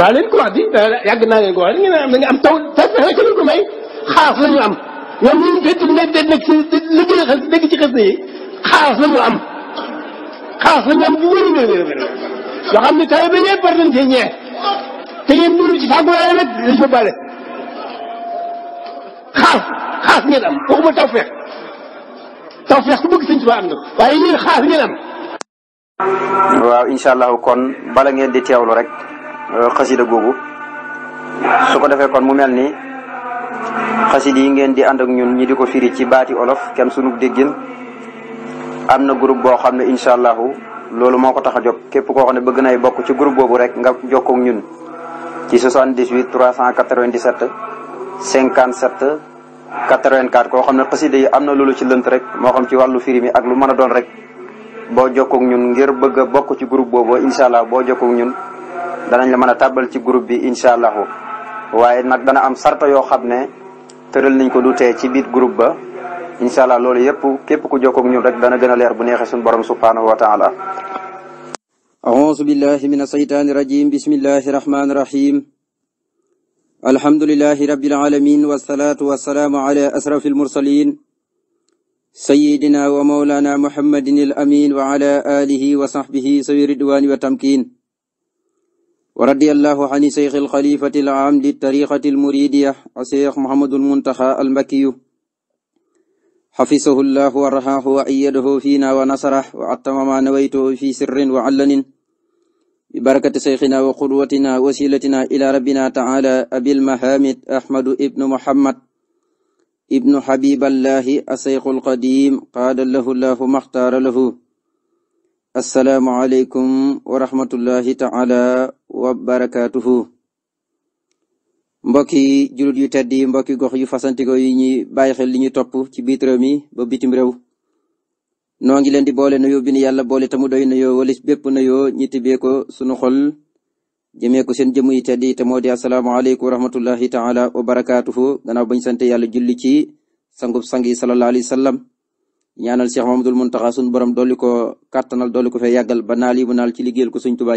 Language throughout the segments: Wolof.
daa leen ko wax di yàgg naa leen ko wax da ngeen am taw dara ci luñ ko may xaas la ñu am ñoom ñun béykat bi nekk nekk ci liggéey xas yi xaas la ñu am xaas la ñu am bu wér wér wér yoo xam ne tawee ba ñëpp war nañ cee ñeent te ngeen mënu ci tàgguwaay rek am waxuma tawfeex tawfeex ku bëgg sëñ Tuubaa am na waaye yéen ngeen am. waaw incha allahu kon bala ngeen di teewlu rek xasida googu su defee kon mu mel ni. xasid yi ngeen di ànd ak ñun ñi di ko firi ci baati olof kenn sunu déggin am na group boo xam ne incha allahu loolu moo ko tax a jóg képp koo xam ne bëgg nay bokk ci group boobu rek nga jokkoo ak ñun ci 78 397 57 84 koo xam ne xasida yi am na loolu ci lënt rek moo xam ci wàllu firi mi ak lu mën a doon rek boo jokkook ñun ngir bëgg a bokk ci group boobu incha allah boo jokkoo ñun danañ la mën a tàbbal ci groupe bi incha allahu waaye nag dana am sarta yoo xam ne tëral nañ ko du tee ci biir groupe ba incha allah loolu yëpp képp ku jokkoog ñun rek dana gën a leer bu neexee suñu borom subhaanahu wa taala أعوذ بالله من الشيطان الرجيم بسم الله الرحمن الرحيم الحمد لله رب العالمين والصلاة والسلام على أشرف المرسلين سيدنا ومولانا محمد الأمين وعلى آله وصحبه سوي الرضوان والتمكين ورضي الله عن شيخ الخليفة العام للطريقة المريدية الشيخ محمد المنتخى المكي حفظه الله ورحاه وأيده فينا ونصره وعتم ما نويته في سر وعلن ببركة شيخنا وقدوتنا وسيلتنا إلى ربنا تعالى أبي المهامد أحمد ابن محمد ابن حبيب الله الشيخ القديم قال له الله ما اختار له السلام عليكم ورحمة الله تعالى wa barakaatuhu mbokk yi jullit yu tedd yi gox yu fasantikoo yi ñuy bàyyi xel li ñu topp ci biir mi ba bitim réew noo ngi leen di boole nuyoo bi ni yàlla boole tamu doy nuyoo walis bépp nuyoo ñi tibbee ko sunu xol jëmee ko seen jëmm yi tedd yi te moo di asalaamaaleykum wa rahmatullahi taala wa barakaatuhu gannaaw bañ sant yàlla julli ci sangub sang yi sallallahu alayhi wa sallam ñaanal Cheikh Mamadul Muntaxa suñ borom dolli ko kàttanal dolli ko yàggal ba naal yi mu naal ci liggéeyal ko suñ tubaa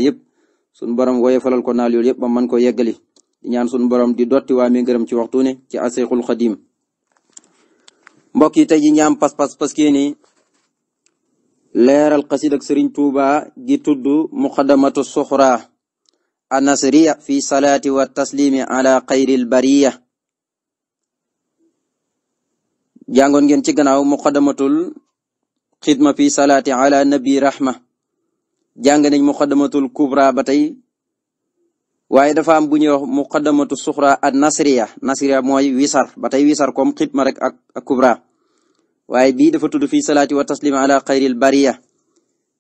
sunu borom woyefalal ko naal yooyu yëpp ba mën ko yeggali di ñaan sunu borom di dotti waa mi ci waxtu ne ci aseexul xadim mbokk yi tey ji ñaam pas-pas parce que ni leeral xasid ak Tuuba gi tudd muqaddamatu suxra anasriya fi salaati wa taslimi ala xayril bariya jàngoon ngeen ci gannaaw muqaddamatul xidma fi salaati ala nabi rahma jàng nañ muqaddamatul kubra ba tey waaye dafa am bu ñuy wax muqaddamatu suxra ak nasriya nasriya mooy wisar ba tey wisar comme xitma rek a ak kubra waaye bii dafa tudd fii salaati wa taslima ala xayril bariya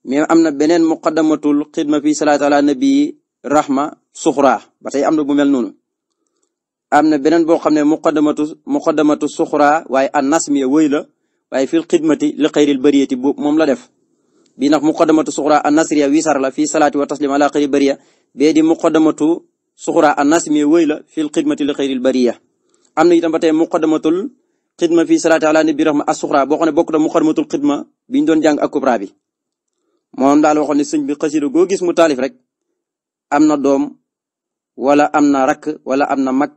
mais am na beneen muqaddamatul xidma fii salaati ala nabi rahma suxra ba tey am na bu mel noonu am na beneen boo xam ne muqaddamatu muqaddamatu suxra waaye an nasmiya wëy la waaye fil xidmati li xayril bariyati bu moom la def bii nag muqaddamatu suxra an nasriya wisaar la fii salaati wa taslim ala xëyri bariya bee di muqaddamatu suxra an nasmiya wëy la fil xidmati li xëyril bariya am na itam ba tey muqaddamatul xidma fii salaati ala nabi rahma as suxra boo xam ne bokk na muqaddamatul xidma bi ñu doon jàng ak kubra bi moom daal waxoon ne sëñ bi xasida goo gis mu taalif rek am na doom wala am na rakk wala am na mag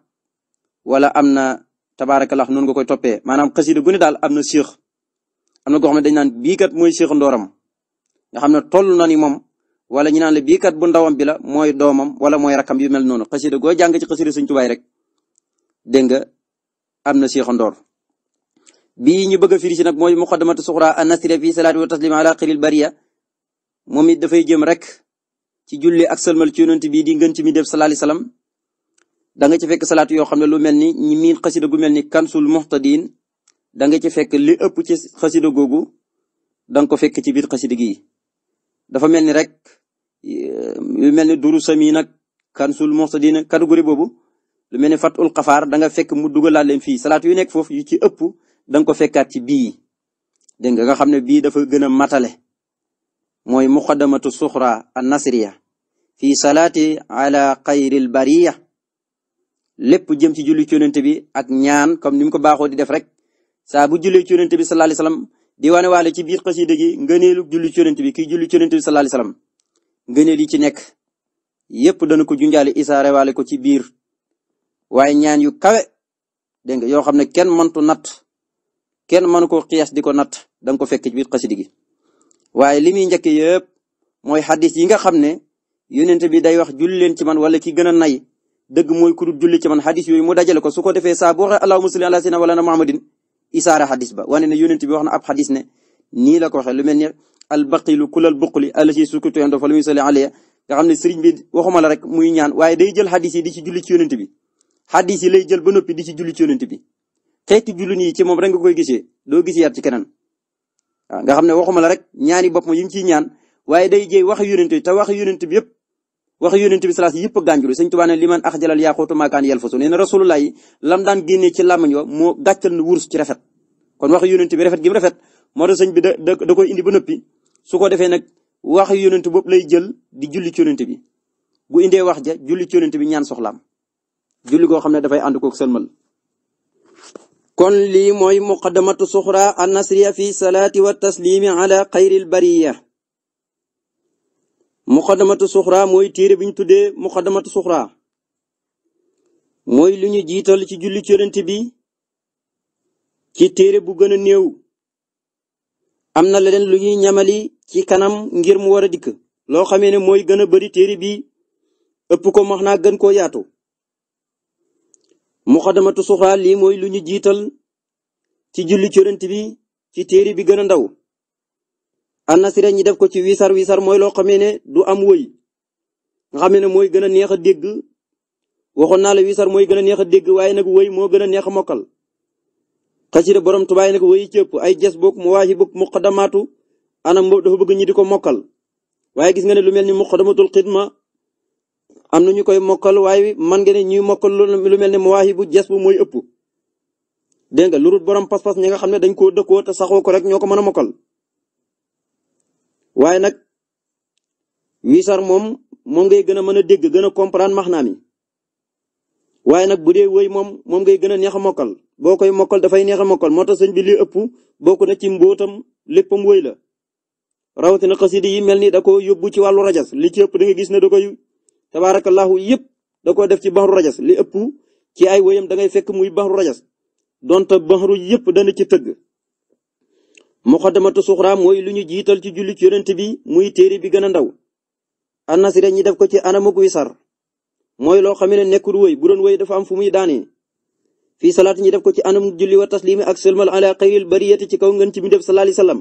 wala am na lax noonu nga koy toppee maanaam xasida gu ne daal am na siix am na koo xam ne dañ naan mooy siix ndooram nga xam ne toll na ni moom wala ñu naan la bii kat bu ndawam bi la mooy doomam wala mooy rakam yu mel noonu xasida goo jàng ci xasida Sëñ Tuubaa rek dégg nga am na seexandoor bii ñu bëgg a firi nag mooy muqaddamatu suxra an nasira fi salaati wa taslima ala xiril bariya moom it dafay jëm rek ci julli ak sëlmal ci yonent bii di ngën ci mi def sallallahu alayhi wasallam da nga ci fekk salaat yoo xam ne lu mel ni ñi miin xasida gu mel ni kansul muhtadin da nga ci fekk li ëpp ci xasida googu da nga ci biir xasida dafa mel ni rek lu eh, mel ni duru sami nag kansul muxtadina catégorie boobu lu mel ni fatul xafaar da nga fekk mu dugalaat leen fii salaatu yu nekk foofu yu ci ëpp da nga ko fekkaat ci bii dégg nga nga xam ne bii dafa gën a matale mooy muqaddamatu suxra an nasriya fi salaati ala xayril bariya lépp jëm ci julli ci bi ak ñaan comme ni mu ko baaxoo di def rek saa bu jullee ci yonente bi sallallahu alayhi di wane waale ci biir xasida gi ngëneelu julli ci yonent bi kii julli ci yonent bi sallallahu alayhi wasallam ngëneel ci nekk yépp dana ko junjaale isaare waale ko ci biir waaye ñaan yu kawe dégg nga yoo xam ne kenn tu natt kenn mënu ko xiyaas di ko natt danga ko fekk ci biir xasida gi waaye li muy njëkk yépp mooy xadis yi nga xam ne yonent bi day wax julli leen ci man wala ki gën nay dëgg mooy ku dul julli ci man xadis yooyu mu dajale ko su ko defee saa boo waxee allahumma salli wala na muhammadin isaara xadis ba wane ne yonent bi wax na ab xadis ne nii la ko waxee lu mel ni albaqilu kulal buqli allati sukutu inda fa lam yusalli alayya nga xam ne sëriñ bi waxuma la rek muy ñaan waaye day jël xadis yi di ci julli ci yonent bi xadis yi lay jël ba noppi di ci julli ci yonent bi xeeti julli nii ci moom rek nga koy gisee doo gis yar ci keneen nga xam ne waxuma la rek ñaani boppam yi mu ciy ñaan waaye day jéy wax yonent te wax yonent bi yëpp wax yonent bi salaas yëpp gànjulu sañ Tuubaa ne li man ax jalal yaaxootu maakaan yel fasu na rasulullah yi lam daan génnee ci làmmiñ wa moo gàccal na ci rafet kon wax yonent bi rafet gi mu rafet moo tax sëñ bi da da koy indi ba noppi su ko defee nag wax yonent boobu lay jël di julli ci yonent bi bu indee wax ja julli ci yonent bi ñaan soxlaam julli goo xam ne dafay ànd koog sëlmal kon lii mooy muqaddamatu suxra an nasriya fi salaati wa taslimi ala xayril bariya muqaddamatu suxra mooy téere bi ñu tuddee muqaddamatu suxra mooy lu jiital ci julli ci bi ci téere bu gën a néew am na leneen lu ñuy ñamali ci kanam ngir mu war a dikk loo xamee ne mooy gën a bari téere bi ëpp ko max naa gën koo yaatu muqaddamatu suxra lii mooy lu ñu jiital ci julli ci bi ci téere bi gën a ndaw an nasira ñi def ko ci wiisar wiisar mooy loo xamee ne du am woy nga xamee ne mooy gën a neex a dégg waxoon naa la wiisar mooy gën a neex a dégg waaye nag woy moo gën a neex a mokkal xasida borom tubaay nag woy cëpp ay jes boog mu waaxi boog muqadamaatu anam boobu dafa bëgg ñi di ko mokkal waaye gis nga ne lu mel ni muqadamatul xidma am na ñu koy mokkal waaye man nga ne ñuy mokkal lu mel ne mu waaxi bu jes bu mooy ëpp dégg nga lu rut borom pas-pas ñi nga xam ne dañ koo dëkkoo te saxoo ko rek ñoo ko mën a mokkal waaye nag sar moom moom ngay gën a mën a dégg gën a comprendre max naa mi waaye nag bu dee woy moom moom ngay gën a neex a mokkal boo koy mokkal dafay neex a mokkal moo tax sëñ bi li ëpp bokk na ci mbootam léppam woy la rawatina xasida yi mel ni da ko yóbbu ci wàllu rajas li ci ëpp da gis ne da koy tabaarakallaahu yëpp da ko def ci baxru rajas li ëpp ci ay woyam da ngay fekk muy baxru rajas donte baxru yëpp dana ci tëgg muqaddamatu suxra mooy lu ñu jiital ci julli ci yonent bi muy téere bi gën a ndaw annasira ñi def ko ci anamug wisar mooy loo xam ne nekkul woy bu doon woy dafa am fu muy daane fii salaat ñi def ko ci anam julli wa taslimi ak sëlmal ala xayril bariyati ci kaw ngeen ci mi def sallallahu alayhi wasallam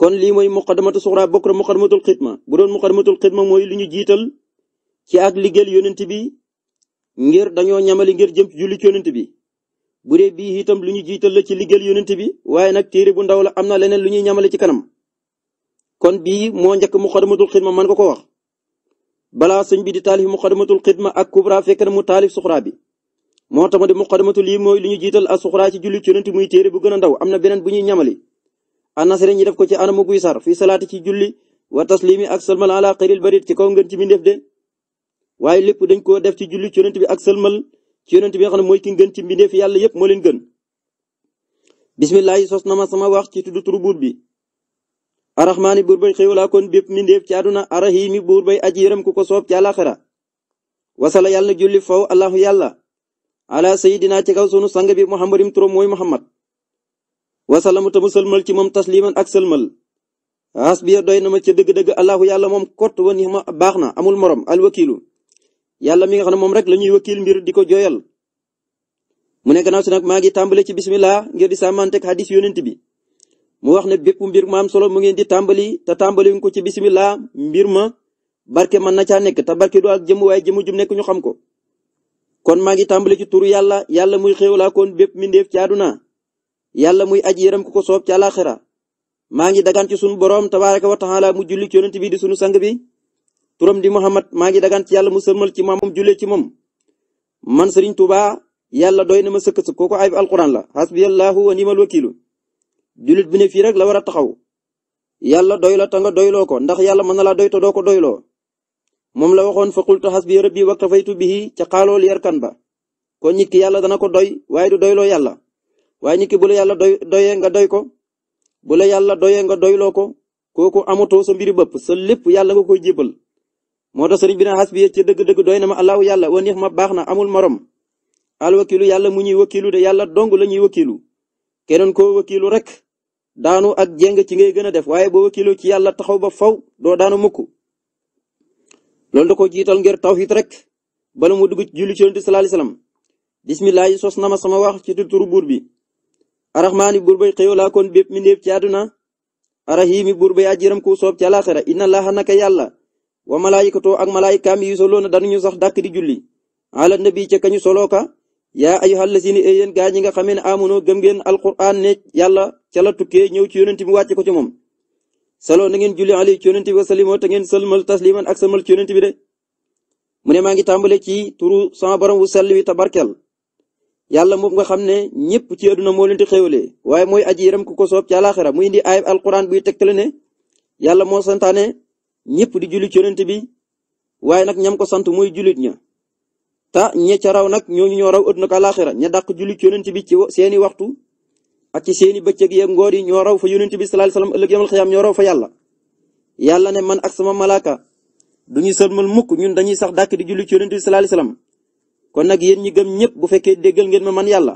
kon lii mooy muqaddamatu suxra bokk na muqaddamatul xidma bu doon muqaddamatul xidma mooy lu ñu jiital ci ak liggéeyal yonent bi ngir dañoo ñamali ngir jëm ci ci yonent bi bu dee bii itam lu ñu jiital la ci liggéeyal yonent bi waaye nag téere bu ndaw la am na leneen lu ñuy ñamale ci kanam kon bii moo njëkk muqaddamatul xidma man nga ko wax balaa sëñ bi di taalif muqaddamatul xidma ak kubra fekk na mu taalif suxraa bi moo tax ma di muqaddamatu lii mooy lu ñu jiital a suxraa ci julli ci yonent muy téere bu gën a ndaw am na beneen bu ñuy ñamali anasre ñi def ko ci anamu guy sar fi salaati ci julli wa taslimi ak sëlmal ala xayril barit ci kaw ngën ci mbindeef de waaye lépp dañ koo def ci julli ci yonent bi ak sëlmal ci yonent bi nga xam ne mooy ki gën ci mbindeef yàlla yépp moo leen gën bismillah sos na ma sama wax ci tudd turu buur bi arrahmaani buur bay laa kon bépp mbindeef ci àdduna arrahimi buur bay aji yërëm ku ko soob ci àlaxira wasala yàlla na julli faw allahu yàlla ala sayidina ci kaw sunu sang bi muhammadim turam mooy muhammad wasalamu tamu sëlmal ci moom tasliman ak sëlmal hasbiya doy na ma ca dëgg-dëgg allahu yàlla moom kott wa nixma baax na amul morom alwakilu yàlla mi nga xam ne moom rek la ñuy wakiil mbir di ko jooyal mu ne gannaaw si nag maa ngi tàmbale ci bismillah ngir di sàmmanteeg hadis yonent bi mu wax ne bépp mbir maam solo mu ngeen di tàmbali te tàmbali ko ci bismillah mbir ma barke mën na caa nekk te barke du ak jëmu waaye jëmu jum nekk ñu xam ko. kon maa ngi tàmbali ci turu yàlla yàlla muy xéewlaa kon bépp mbindeef ci àdduna yàlla muy aj yaram ku ko soob ci àllaaxira maa ngi dagaan ci sunu borom tabaaraka wa taala mu julli ci yonent bi di sunu sang bi. turam di Muhammad maa ngi dagaan ci yàlla mu sërmal ci maamam jullee ci moom man Serigne Touba yàlla doy ne ma sëkk sëkk kooku ayib alquran la hasbiyallahu wa nimal wakiilu jullit bu ne fii rek la war a taxaw yàlla doy la ta nga doyloo ko ndax yàlla mën na laa doy te doo ko doyloo moom la waxoon fa qultu hasbi rabbi waktafaytu bihi ca xaalool kan ba kon nit ki yàlla dana ko doy waaye du doyloo yàlla waaye nit ki yàlla doy doyee nga doy ko bu yàlla doyee nga doyloo ko kooku amatoo sa mbiri bëpp sa lépp yàlla nga koy jébal moo tax sëriñ bi naan xasbiya ci dëgg-dëgg doy na ma allahu yàlla wa neex ma baax na amul morom alwakilu yàlla mu ñuy wakilu de yàlla dong la ñuy wakilu keneen koo wakilu rek daanu ak jeng ci ngay gën a def waaye boo wakilu ci yàlla taxaw ba faw doo daanu mukk loolu da ko jiital ngir tawhid rek bala mu dugg ci julli ci yonent sallallahu alayhi wasallam yi sos na ma sama wax ci turu buur bi arrahmaani buur bay xëyoo laa kon bépp mi néeb ci àdduna arrahiimi buur bay ajiram ku soob ci àlaaxira inna laaha yàlla wa malaayikatoo ak malaayikaam yi soloona dañuñu sax dàkk di julli ala nabi ca kañu solooka yaa ayyuhal lazina e yéen gaa ñi nga xamee ne amonoo gëm ngeen alquran ne yàlla ca la tukkee ñëw ci yonent bi wàcce ko ci moom saloo na ngeen julli ali ci yonent bi wasalimoo te ngeen sëlmal tasliman ak sëlmal ci yonent bi de mu ne maa ngi tàmbale ci turu sama borom wu sell wi tabarkel yàlla moom nga xam ne ñëpp ci àdduna moo leen di xéwalee waaye mooy aji yaram ku ko soob ci àlaaxira mu indi ayib alquran buy tegtale ne yàlla moo santaane ñëpp di julli ci yonent bi waaye nag ñam ko sant mooy jullit ña ta ñe ca raw nag ñooñu ñoo raw ëdduna ko àlaaxira ña dàq julli ci yonent bi ci seeni waxtu ak ci seeni bëccëg yeeg ngoor yi ñoo raw fa yonent bi sallallahu alayhi wasallam ëllëg yamal xiyaam ñoo raw fa yàlla yàlla ne man ak sama malaaka duñu sëlmal mukk ñun dañuy sax dàq di julli ci yonent bi sallallahu alayhi wasallam kon nag yéen ñi gëm ñëpp bu fekkee déggal ngeen ma man yàlla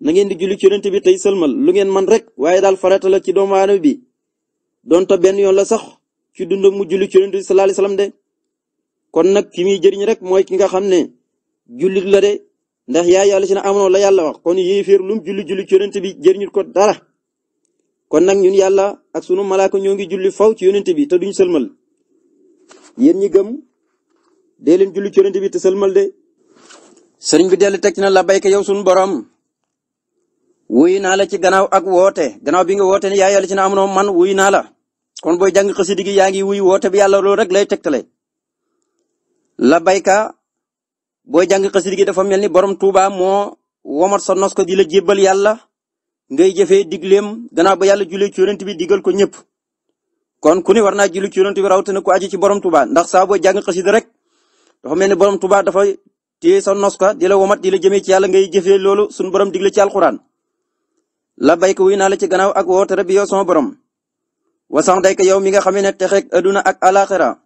na ngeen di julli ci yonent bi tey sëlmal lu ngeen man rek waaye daal farata la ci doomu aadama bi doonte benn yoon la sax ci dundam mu julli ci yonent bi sallallahu de kon nag ki muy jëriñ rek mooy ki nga xam ne jullit la de ndax yaa yàlla si la yàlla wax kon yéeféer julli julli ci yonent bi jëriñut ko dara kon nag ñun yàlla ak sunu malaaka ñoo ngi julli faw ci yonent bi te duñ sëlmal yéen ñi gëm dee leen julli ci yonent bi te sëlmal de sëriñ bi dellu teg na la bayka yow sunu borom wuy ci gannaaw ak woote gannaaw bi woote ne yaa yàlla na amoon man wuy naa kon booy jàng xasida gi yaa ngi wuy woote bi yàlla loolu rek lay tegtale la bayka booy jàng xasida gi dafa mel ni borom Touba moo womat sa nos ko di la jébbal yàlla ngay jëfee digleem gannaaw ba yàlla julee ci yonent bi digal ko ñëpp. kon ku ne war naa julli ci yonent bi rawatina ku aji ci borom Touba ndax saa booy jàng xasida rek dafa mel ni borom Touba dafa téye sa noska di la womat di la jëmee ci yàlla ngay jëfee loolu sunu borom digle ci alxuraan la bayka wuy naa la ci gannaaw ak woote rek bi yow wa sax day ko yow mi nga xam ne texeeg aduna ak alaxira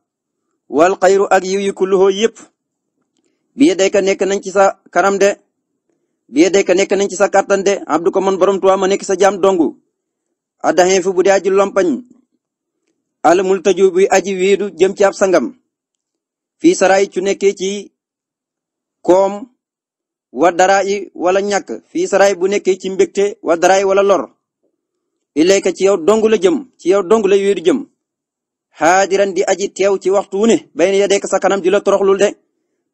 wal xayru ak yiw yi kulluhu yëpp bii day nekk nañ ci sa karam de bii day ko nekk nañ ci sa kàttan de abdu ko man borom tuwa ma nekk sa jaam dongu addaxee fi bu dee aji lompañ alamul taju bi aji wéedu jëm ci ab sangam fii saraay cu nekkee ci kom wa dara yi wala ñàkk fii saraay bu nekkee ci mbégte wa dara yi wala lor ilayka ci yow dong la jëm ci yow dong la wéeru jëm xaadiran di aji teew ci waxtu wu ne bayna yadayka sa kanam di la toroxlul de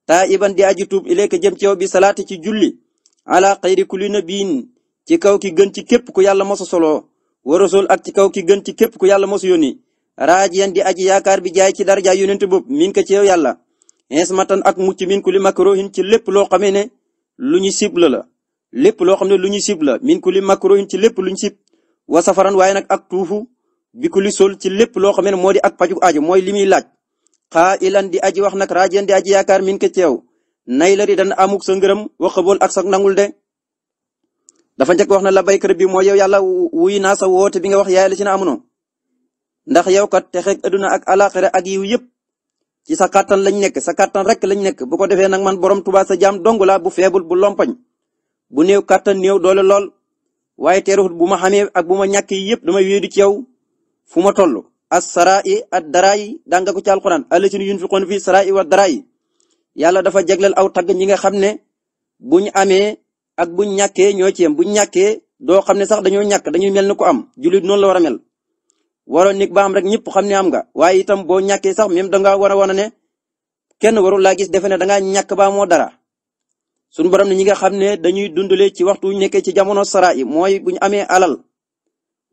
taiban di aji tuub ilayka jëm ci yow bi salaati ci julli ala xayri kulli nabiin ci kaw ki gën ci képp ku yàlla mosa solo wa rasul ak ci kaw ki gën ci képp ku yàlla mosa yónni raajiyan di aji yaakaar bi jaay ci daraja yonent bopp min ko ci yow yàlla insmatan ak mucc min ku li makrohin ci lépp loo xamee ne lu ñu sib la lépp loo xam ne lu ñu sib la min ku li makrohin ci lépp lu ñu sib wa safaran waaye nag ak tuufu bi ku sol ci lépp loo xam ne moo di ak paju aajo mooy li muy laaj xaa ilan di aji wax nag raajen di aji yaakaar min ko ceew nay la di dana amuk sa ngërëm wax xabool ak sa nangul de dafa jek wax na la baykat bi mooy yow yàlla wuy naa sa woote bi nga wax yaay la ci na amuno ndax yow kat texeeg adduna ak alaxira ak yiw yëpp ci sa kàttan lañ nekk sa kàttan rek lañ nekk bu ko defee nag man borom Tuubaa sa jaam dong laa bu feebul bu lompañ bu néew kàttan néew doole lool waaye teeruxut bu ma xamee ak bu ma ñàkk yi yëpp damay wéedu ci yow fu ma toll as sarai ad darai daa nga ko ci alquran allatina yunfiqoon fi sarai wa darai yàlla dafa jeglel aw tagg ñi nga xam ne bu ñu amee ak bu ñu ñàkkee ñoo ci yem bu ñu ñàkkee doo xam ne sax dañoo ñàkk dañuy mel ni ku am jullit noonu la war mel waroon nit ba am rek ñëpp xam ne am nga waaye itam boo ñàkkee sax même dangaa war a wan ne kenn warul laa gis defe ne dangaa ñàkk ba amoo dara suñu borom na ñi nga xam ne dañuy dundale ci waxtu ñu nekkee ci jamono sara yi mooy bu ñu amee alal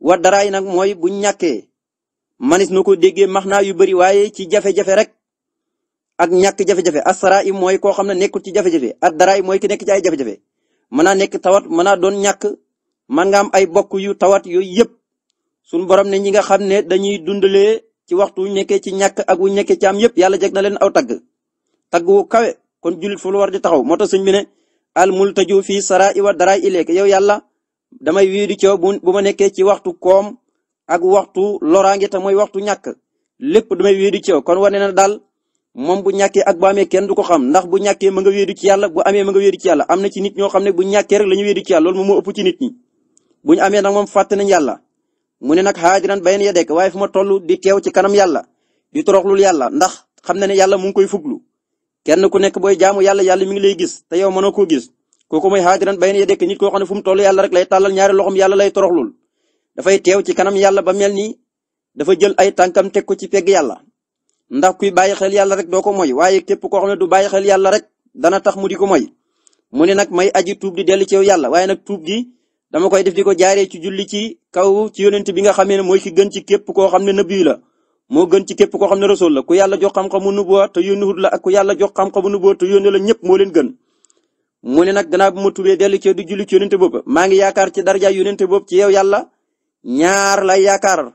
wa dara yi nag mooy bu ñàkkee manis na ko déggee max naa yu bari waaye ci jafe-jafe rek ak ñàkk jafe-jafe asara yi mooy koo xam ne nekkul ci jafe-jafe ak dara yi mooy ki nekk ci ay mën naa nekk tawat mën naa doon ñàkk man ay bokk yu tawat yooyu yëpp suñu borom ne ñi nga xam ne dañuy dundalee ci waxtu wu nekkee ci ñàkk ak wu nekkee ci am yëpp yàlla jeg na leen aw tagg wu kawe kon jullit fu lu war di taxaw moo tax sëñ bi ne al multaju fii sara iwa daraay ileek yow yàlla damay wiidu ci yow bu ma nekkee ci waxtu koom ak waxtu loraange te mooy waxtu ñàkk lépp damay wiidu ci yow kon wane na daal moom bu ñàkkee ak bu amee kenn du ko xam ndax bu ñàkkee ma nga wéedu ci yàlla bu amee ma nga wéedu ci yàlla am na ci nit ñoo xam ne bu ñàkkee rek la ñu wéedu ci yàlla loolu moom moo ci nit ñi bu ñu amee nag moom fàtte nañ yàlla mu ne nag xaajiran bayan ya dekk waaye fu ma toll di teew ci kanam yàlla di yàlla ndax xam na ne yàlla mu ngi koy fuglu kenn ku nekk booy jaamu yàlla yàlla mi ngi lay gis te yow mënoo koo gis kooku mooy xaadiran bayna yadayka nit koo xam ne fu mu toll yàlla rek lay tàllal ñaari loxom yàlla lay toroxlul dafay teew ci kanam yàlla ba mel ni dafa jël ay tànkam teg ko ci pegg yàlla ndax kuy bàyyi xel yàlla rek doo ko moy waaye képp koo xam ne du bàyyi xel yàlla rek dana tax mu di ko moy mu ne nag may aji tuub di dellu ci yow yàlla waaye nag tuub gi dama koy def di ko jaaree ci julli ci kaw ci yonent bi nga xamee ne mooy ki gën ci képp koo xam ne nabi la moo gën ci képp koo xam ne rasul la ku yàlla jox xam-xamu nubuwa te a la ak xam-xamu nubuwa te la ñëpp moo leen gën mu ne nag gannaaw bu ma tubee dellu ci di julli ci yónente boobu maa ngi yaakaar ci daraja yónente boobu ci yow yàlla ñaar lay yaakaar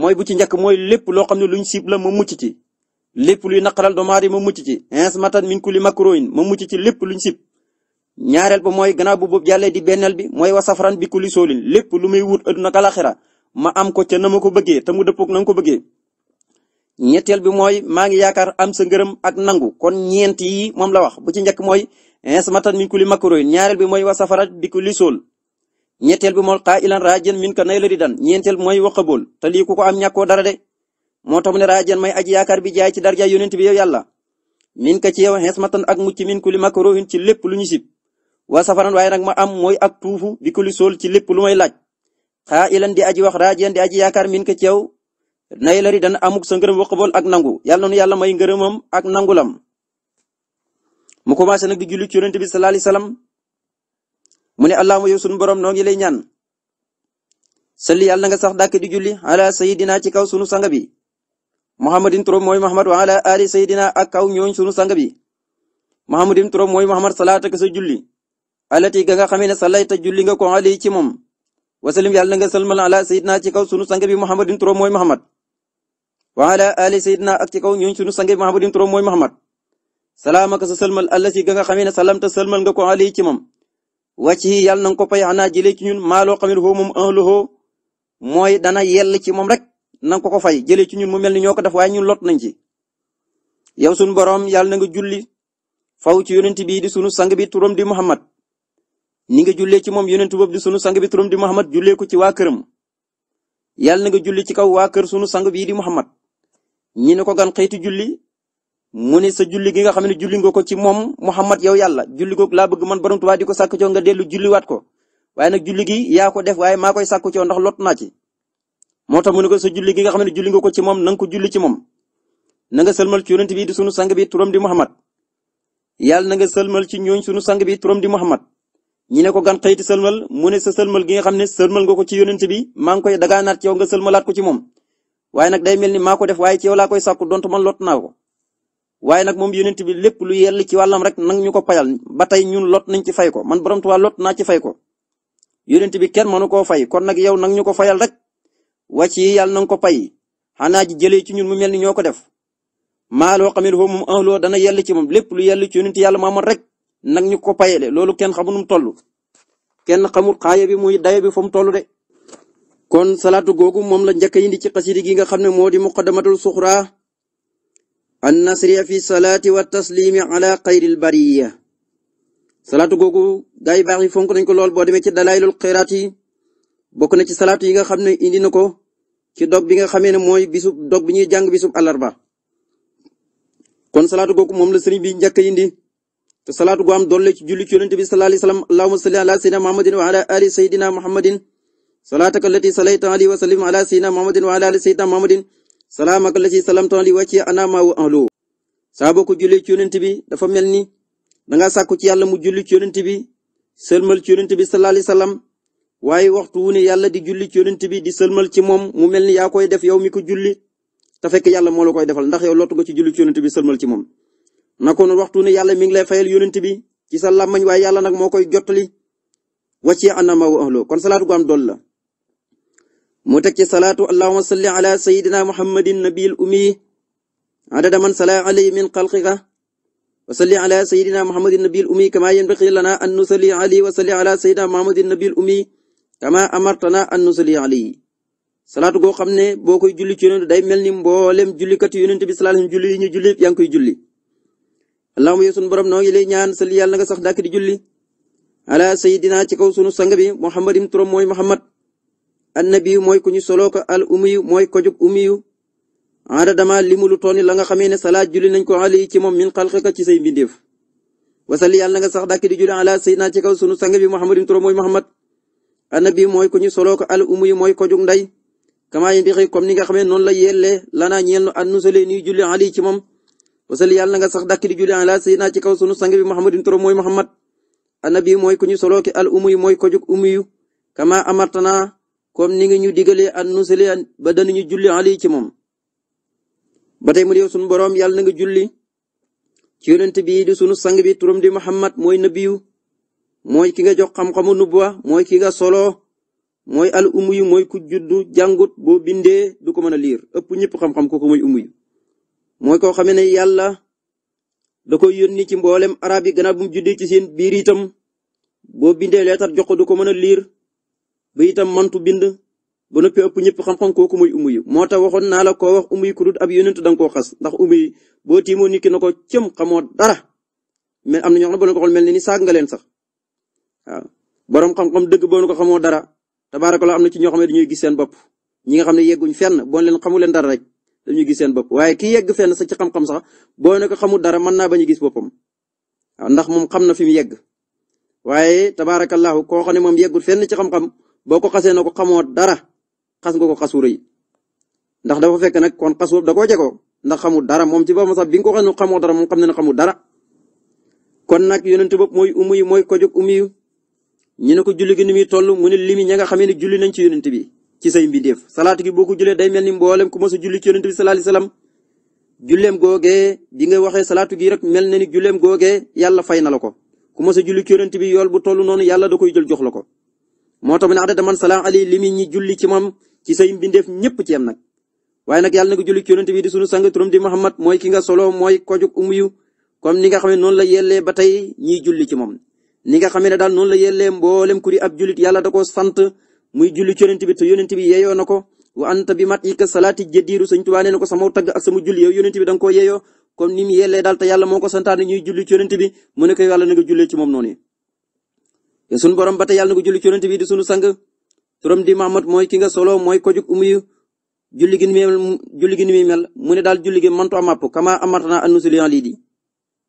mooy bu ci njëkk mooy lépp loo xam ne luñ siib la ma mucc ci lépp luy naqaral doomu aadama ma mucc ci insmatan min kulli makruhin ma mucc ci lépp ñu sib ñaareel ba mooy gannaaw bu boobu yàlla di benneel bi mooy wa safran bi kulli soolin lépp lu may wut aduna ak alaxira ma am ko ca na ma ko bëggee te mu dëppook na ko bëggee ñetteel bi mooy maa ngi yaakaar am sa ngërëm ak nangu kon ñeent yi moom la wax bu ci njëkk mooy ismatan min kulli makruhin ñaareel bi mooy wa safara bi kulli sool ñetteel bi mooy qaa'ilan raajiyan minka nayla ridan ñeenteel bi mooy wa qabool te lii ku ko am ñàkkoo dara moo tax mu ne raajiyan yaakaar bi jaay ci darja yonent bi yow yàlla minka ci yow ismatan ak mucc min kulli in ci lépp lu ñu sib wa safaran waaye nag ma am mooy ak tuufu bi kulli sool ci lépp lu may laaj qaa'ilan di aji wax raajiyan di aji yaakaar minka ci yow nay lari dana amuk sa ngërëm waqabool ak nangu yàlla noonu yàlla may ngërëmam ak nangulam mu commencé nag di julli ci yonent bi sallallahu alayhi wasallam mu ne sunu borom noo ngi lay ñaan salli yàlla nga sax dàkk di julli ala sayidina ci kaw sunu sanga bi muhammadin turam mooy muhammad wa ala ali sayidina ak kaw ñooñ sunu sang bi muhammadin turam mooy muhammad salaata ka sa julli alati ga nga xamee ne ta julli nga ko ali ci moom wasalim yàlla nga salmal ala sayidina ci kaw sunu sang bi muhammadin turam mooy muhammad waala ali sayidina ak ci kaw ñooñ sunu sange mahamadin turam mooy mahamad salaamaka sa sëlmal alla si ga nga xamee ne salamta sëlmal nga ko ali ci moom wàcc yi yàlla na nga ko pay xanaa jëlee ci ñun maaloo xam ne foofu moom un mooy dana yell ci moom rek nan nga ko ko fay jëlee ci ñun mu mel ni ñoo ko def waaye ñun lot nañ ci. yow sunu borom yàlla na nga julli faw ci yonent bii di sunu sang bi turam di Muhammad ni nga jullee ci moom yonent boobu di sunu sang bi turam di Muhammad jullee ko ci waa këram yàlla na nga julli ci kaw waa kër sunu sang bii di Muhammad ñi ne ko gan xeetu julli mu ne sa julli gi ga xam ne julli nga ko ci moom Muhammad yow yàlla julli googu laa bëgg man borom Tuubaa di ko sàkk coow nga dellu julliwaat ko waaye na julli gi yaa ko def waaye maa koy sàkk coow ndax lot naa ci. moo ta mu ne ko sa julli gi nga xam ne julli nga ko ci moom nanga nga ko julli ci moom na nga sëlmal ci yonent bi di sunu sang bi turam di Muhammad yàlla na nga sëlmal ci ñooñ sunu sang bi turam di Muhammad ñi ne ko gan xëyti sëlmal mu ne sa sëlmal gi nga xam ne sëlmal nga ko ci yonent bi maa ngi koy dagaanaat yow nga sëlmalaat ko ci moom waaye nag day mel ni maa ko def waaye ci yow laa koy sàkku donte man lot naa ko waaye nag moom yonent bi lépp lu yell ci wàllam rek nag ñu ko payal ba tey ñun lot nañ ci fay ko man borom Tuubaa lot naa ci fay ko yonent bi kenn mënu koo fay kon nag yow nag ñu ko fayal rek wàcc yi yàlla na ko pay xanaa ji jëlee ci ñun mu mel ni ñoo ko def maa loo xam ne foofu moom dana yell ci moom lépp lu yell ci yonent yàlla maamoon rek nag ñu ko payale loolu kenn xamul nu mu toll kenn xamul xaaya bi muy daye bi fa mu toll de kon salaatu googu moom la njëkk indi ci xasida gi nga xam ne moo di muqaddamatul suxraa an nasriya fi salaati wa taslimi ala xayril bariya salaatu googu gaa yi baax yi fonk nañ ko lool boo demee ci dalailul xiraat yi bokk na ci salaatu yi nga xam ne indi na ko ci dog bi nga xamee ne mooy bisub dog bi ñuy jàng bisub àllarba kon salaatu googu moom la sëriñ bi njëkk indi te salaatu gu am doole ci julli ci yonente bi sallallahu alayhi wa sallam allahumma salli ala sayyidina muhammadin salaataka allati salayta alayhi wa sallim ala sayyidina muhammadin wa ala ali sayyidina muhammadin salaamaka allati sallamta alayhi wa ci anama wa ahlu saa boo ko jullee ci yonent bi dafa mel ni danga sàkku ci yàlla mu julli ci yonent bi sëlmal ci yonent bi sallallahu alayhi wa sallam waaye waxtu wu ne yàlla di julli ci yonent bi di sëlmal ci moom mu mel ni yaa koy def yow mi ko julli ta fekk yàlla moo la koy defal ndax yow lottu ci julli ci yonent bi sëlmal ci moom na ko noonu waxtu wu yàlla mi ngi lay fayal yonent bi ci sa làmmañ waaye yàlla nag moo koy jottali wàccee anama wa ahlu kon salaatu gu am dool la mu teg ci salaatu allahuma salli ala sayidina muhammadin nabil ummi adada man sala alayhi min xalqika wa salli ala sayidina muhammadin nabil ummi kama yanbaghi lana an nusalli alayhi wa salli ala sayidina muhammadin nabil ummi kama amartana an nusalli alayhi salaatu goo xam ne boo koy julli ci day mel ni mboolem jullikat yonent bi yi ñu julli yëpp yaa ngi koy julli allahuma yow sunu borom noo lay ñaan salli yàlla nga sax dàkk di julli ci kaw sunu sang bi muhammadin turam mooy muhammad annabiyu mooy ku ñu soloo ko al umiyu mooy ko jug umiyu aada dama limu lu toll la nga xamee ne salaat julli nañ ko ali ci moom min xalqika ci say mbindeef wasali yàlla na nga sax dàkk di julli ala sayyidina ci kaw sunu sang bi muhammadin turo mooy muhammad annabi mooy ku ñu soloo ko al umiyu mooy ko jug nday kama yendixi comme ni nga xamee noonu la yellee lanaa ñeel nu annusale nuy julli ali ci moom wasali yàlla na nga sax dàkk di julli ala ci kaw sunu sang bi muhammadin turo mooy muhammad annabi mooy ku ñu soloo ki al umiyu mooy ko jug umiyu kama amartana comme ni nga ñu diggalee an ba ba ñu julli ali ci moom ba tey mu yow sunu boroom yàlla na nga julli ci yonent bi di sunu sang bi turam di Muhammad mooy nabiyu mooy ki nga jox xam-xamu nubuwa mooy ki nga solo mooy al umu mooy ku juddu jàngut boo bindee du ko mën a liir ëpp ñëpp xam-xam ko mooy umu yu mooy koo xamee ne yàlla da koy yónni ci mboolem arab yi gannaaw bu mu ci seen biir itam boo bindee leetar jox ko du ko mën a liir ba itam mantu bind ba noppi ëpp ñëpp xam-xam kooku mooy umu moo tax waxoon naa la koo wax umu yi ku dut ab yonent da nga koo xas ndax umu yi boo tiimoo nit ki na ko cëm xamoo dara mais am na ñoo xam ne boo leen ko xool mel ni ni leen sax waaw borom xam-xam dëgg boo ko xamoo dara tabaarakallah am na ci ñoo xam ne dañuy gis seen bopp ñi nga xam ne yegguñ fenn boo leen xamu leen dara rek dañuy gis seen bopp waaye ki yegg fenn sa ci xam-xam sax boo ne ko xamul dara mën naa bañ a gis boppam ndax moom xam na fi mu yegg waaye tabaarakallahu koo xam ne moom yeggul fenn ci xam boo ko xasee na ko xamoo dara xas nga ko xasu rëy ndax dafa fekk nag kon xas boobu da koo jegoo ndax xamul dara moom ci boppam sax bi nga ko xamee xamoo dara moom xam na ne xamu dara. kon nag yonent bopp mooy umu yi mooy ko jóg umu yi ñu ne ko julli gi ni muy toll mu ne limi ña nga xamee ne julli nañ ci yonent bi ci say mbindeef salaatu gi boo ko jullee day mel ni mboolem ku mos a julli ci yonent bi sallallahu alayhi wasallam julleem googee bi nga waxee salaatu gi rek mel na ni julleem googe yàlla fay na la ko ku mos bi yool bu toll noonu yàlla da koy jël jox la ko moo tax mu ne man salaam ali li muy ñi julli ci moom ci say mbindeef ñëpp ci nag waaye nag yàlla na ko julli ci yonent bi di sunu sang mooy ki nga solo mooy kojug comme ni nga xam ne noonu la ba tey ñiy julli ci moom ni nga xam ne la yellee mboolem yàlla da koo sant muy julli ci yonent bi te yonent bi yeyoo na wa anta bi mat yika salaati jadiiru sëñ Tuubaa nee na ko yàlla moo ko santaane ñuy julli ci yonent bi mu ne ko moom noonu sunu borom ba tey yàlla na ko julli ci yonent bi di sunu sang turam di Mahmad mooy ki nga solo mooy ko jug umuyu julli gi ni muy julli gi ni mu ne daal julli gi mantu amapp kama amartana an nusalli lii di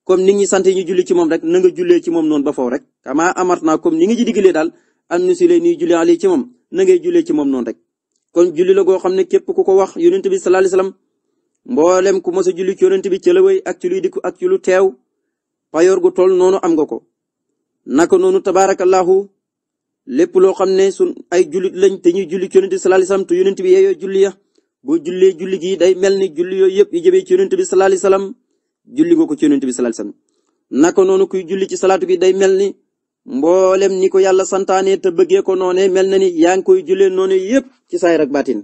comme nit ñi sant ñu julli ci moom rek na nga jullee ci moom noonu ba foofu rek kama amartana comme ni nga ci diggalee daal an nusalli nii julli ali ci moom na ngay jullee rek. kon julli la goo xam ne képp ku ko wax yonent bi sallallahu alayhi wasallam mboolem ku mos julli ci yonent bi ci la wéy ak ci luy dikk ak ci lu teew payoor gu toll noonu am nga ko naka noonu tabaarakallaahu lépp loo xam ne sun ay jullit lañ te ñuy julli ci yonent bi sallallahu alayhi wasallam te yonent bi yeeyoo julli ya boo jullee julli gi day mel ni julli yooyu yëpp yu jëmee bi sallallahu alayhi wasallam julli nga ko ci yonent bi sallallahu alayhi wasallam naka noonu kuy julli ci salaatu gi day mel ni mboolem ni ko yàlla santaane te bëggee ko noonee mel na ni yaa ngi koy jullee noonu yëpp ci saayir ak baatin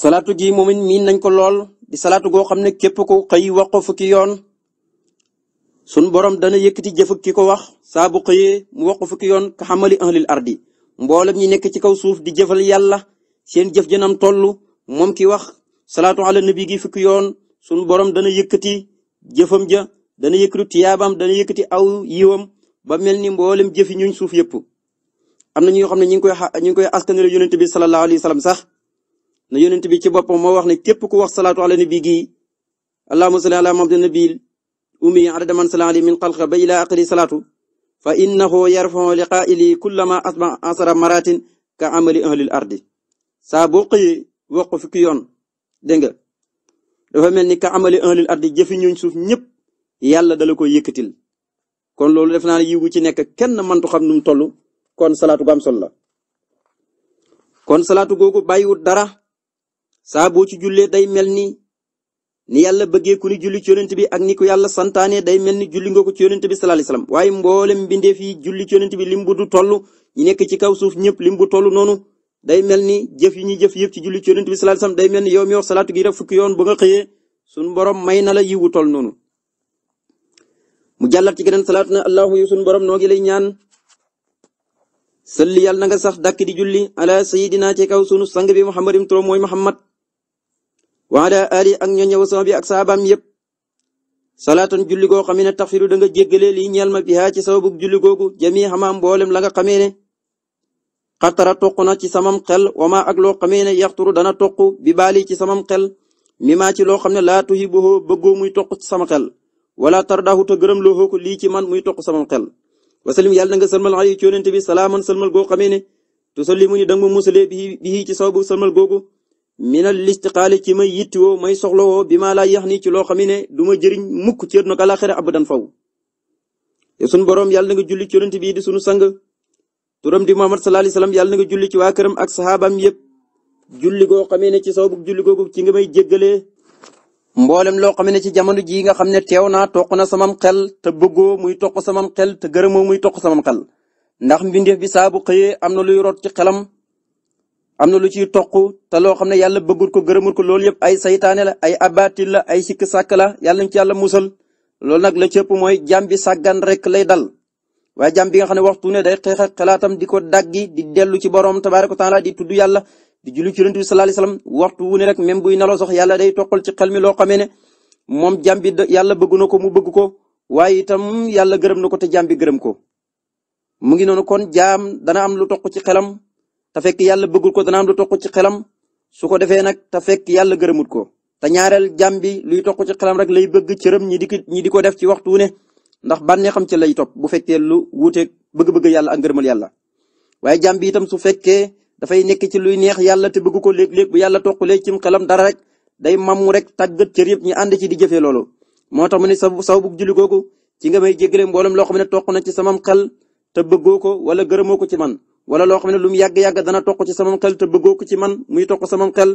salaatu gi moom it miin nañ ko lool di salaatu goo xam ne képp ko xëy wax ko fukki yoon sun borom dana yëkkati jëfëg ki ko wax saa bu xëyee mu wax ko fukki yoon ka xamali ahlil ardi mboolem ñi nekk ci kaw suuf di jëfal yàlla seen jëf jënam tollu moom ki wax salaatu ala nabi gi fukki yoon sun borom dana yëkkati jëfam ja dana yëkkati tiyaabam dana yëkkati aw yiwam ba mel ni mboolem jëfi ñuñ suuf yëpp. am na ñoo xam ne ñu ngi koy ñu ngi koy askanale yonent bi sallallahu alayhi wa sax na yonent bi ci boppam moo wax ne képp ku wax salaatu ala nabi gi allahumma salli ala muhammadin nabi umi adada man sala ali min xalqa ba ila aqri salaatu fa innahu yarfau li qaa'ili kullama asba asara maratin ka amali ahlil ardi saa boo xëyee wax ko yoon dégg nga dafa mel ni ka amali ahlil ardi jëfi ñuñ suuf ñëpp yàlla dala ko yëkkatil kon loolu def naa ne yiwu ci nekk kenn mëntu xam nu mu toll kon salaatu gu am la kon salaatu googu bàyyiwut dara saa boo ci jullee day mel ni ni yàlla bëggee ku ni julli ci yonent bi ak ni ko yàlla santaane day mel ni julli nga ko ci yonent bi sallallahu alayhi wasallam waaye mboolem mbindeef yi julli ci yonent bi lim du toll nekk ci kaw suuf ñëpp lim bu toll noonu day mel ni jëf yi ñuy jëf yëpp ci julli ci yonent bi sallallahu mel ni yow mi wax salaatu gi rek fukki yoon ba nga xëyee suñu borom may na la yiwu toll noonu mu jàllat ci geneen salaatu ne allahu yu borom noo ngi lay ñaan salli yàlla na nga sax dàkk di julli ala sayidina ci kaw sunu sang bi muhammadim turam mooy muhammad waa waala ali ak ñoo ñëw sama bi ak saabaam yëpp salaatan julli goo xam ne taxfiru da nga jéggale lii ñeel ma bihaa ci sababu julli googu jami xamaam mboolem la nga xamee ne xattara toq na ci samam xel ma ak loo xamee ne yaxturu dana toq bi baali ci samam xel mi maa ci loo xam ne laa tuhiboo bëggoo muy toq ci sama xel wala tardaahu te gërëm loo ko lii ci man muy toq sama xel wasalim yàlla na nga sëlmal ali ci yonente bi salaaman sëlmal goo xamee ne tusallimuni da nga ma musalee bii ci sababu minal listiqaale ci may yittiwoo may soxlawoo bi ma laa yax nii ci loo xam ne du ma jëriñ mukk ci àddina ak àllaaxira abadan faw te sun borom yàlla na nga julli ci yonent bii di sunu sang turam di Muhammad sallallahu alayhi wasallam yàlla na nga julli ci waa këram ak saxaabaam yëpp julli goo xamee ne ci sababu julli ko ci nga may jéggalee mboolem loo xam ne ci jamono jii nga xam ne tew naa toq na samam xel te bëggoo muy toq samam xel te gërëmoo muy toq samam xel ndax mbindeef bi saa bu am na luy rot ci xelam am na lu ciy toq te loo xam ne yàlla bëggul ko gërëmul ko loolu yëpp ay saytaane la ay abatil la ay sikk sàkk la yàlla nañ ci yàlla musal loolu nag la cëpp mooy jàmm bi sàggan rek lay dal waaye jàmm bi nga xam ne waxtu ne day xeex ak xalaatam di ko daggi di dellu ci borom ta taala di tudd yàlla di julli ci yonent bi sallallahu alayhi wasallam waxtu wu ne rek même buy naloo sax yàlla day toqal ci xel mi loo xamee ne moom jàmm bi yàlla bëgg na ko mu bëgg ko waaye itam yàlla gërëm na ko te jàmm gërëm ko te fekk yàlla bëggul ko dana am lu toq ci xelam su ko defee te fekk yàlla gërëmut ko te ñaareel jàmm bi luy toq ci xelam rek lay bëgg cërëm ñi di ko di ko def ci waxtu wu ne ndax bànneexam ci lay topp bu fekkee lu wuuteeg bëgg-bëgg yàlla ak ngërëmal yàlla waaye jàmm bi itam su fekkee dafay nekk ci luy neex yàlla te bëgg ko léeg-léeg bu yàlla toqulee cim xelam dara rek day mamu rek tàggat cër yëpp ñu ànd ci di jëfee loolu moo tax mu ne sa saw bu julli googu ci nga may jéggale mboolem loo xam ne toq na ci samam xel te bëggoo ko wala gërëmoo ko ci man wala loo xam ne lu mu yàgg-yàgg dana toq ci samam xel te bëggoo ko ci man muy toq samam xel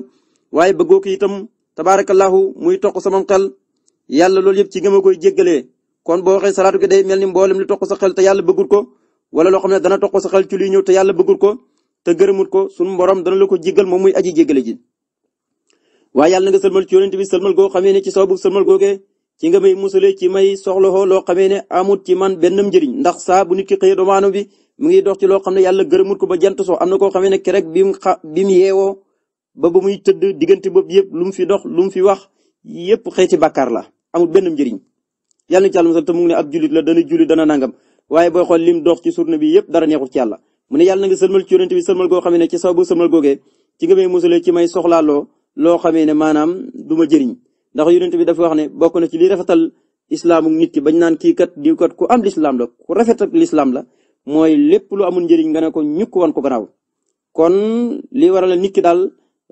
waaye bëggoo ko itam tabaarakallahu muy toq samam xel yàlla loolu yëpp ci nga ma koy jéggalee kon boo waxee salaatu gi day mel ni mboolem li toq sa xel te yàlla bëggul ko wala loo xam ne dana toq sa xel ci luy ñëw te yàlla bëggul ko te gërëmut ko sunu borom dana la ko jéggal moom muy aji jéggale ji waaye yàlla na nga sëlmal ci yonent bi sëlmal goo xamee ne ci sababu sëlmal googee ci nga may musalee ci may soxla loo xamee ne amut ci man benn njëriñ ndax saa bu nit ki xëyee bi mu ngi dox ci loo xam ne yàlla gërëmut ko ba jant so am na ko xamee ne kerek bi mu xa bi mu yeewoo ba ba muy tëdd diggante boobu yëpp lu mu fi dox lu mu fi wax yëpp xeeti bàkkaar la amul benn njëriñ yàlla na ci yàlla mu ngi ne ab julit la dana juli dana nangam waaye booy xool lim dox ci surne bi yëpp dara neexul ci yàlla mu ne yàlla na nga sëlmal ci yonent bi sëlmal goo xamee ne ci saw bu sëlmal googee ci nga may musalee ci may soxlaaloo loo xamee ne maanaam duma ma jëriñ ndax yonent bi dafa wax ne bokk na ci li rafetal islaamu nit ki bañ naan kii kat diw kat ku am lislaam la ku rafet lislaam la mooy lépp lu amul njëriñ nga ne ko ñukk wan ko gannaaw kon li waral nit ki daal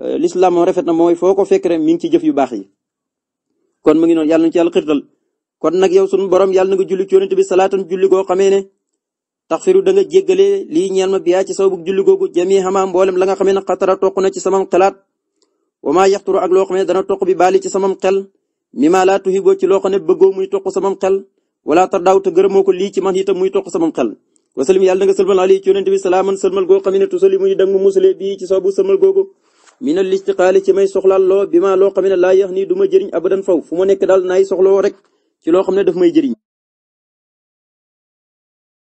euh, lislaam rafet na mooy foo ko fekk rek mi ngi ci jëf yu baax yi kon mu ngi noonu yàlla na ci yàlla xirtal kon nag yow sunu borom yàlla na nga julli ci yonent bi salaatan julli goo xamee ne taxfiru da nga jéggale lii ñeel ma biyaa ci sababu julli googu jami xamaa mboolem la nga xamee ne xatara toq na ci samam xelaat wamaa yaxturu ak loo xam ne dana toq bi baali ci samam xel mi maa laa tuxiboo ci loo xam ne bëggoo muy toq samam xel wala tar daaw te gërëmoo ko lii ci man itam muy toq samam xel wasalim yàlla na nga sëlmal ali ci yonent bi salaaman sëlmal goo xam ne dang musalee bii ci soobu sëlmal googu min al istiqaali ci may soxlaal loo bi ma loo xam ne laa yax nii du ma abadan faw fu ma nekk daal naay soxloo rek ci loo xam ne daf may jëriñ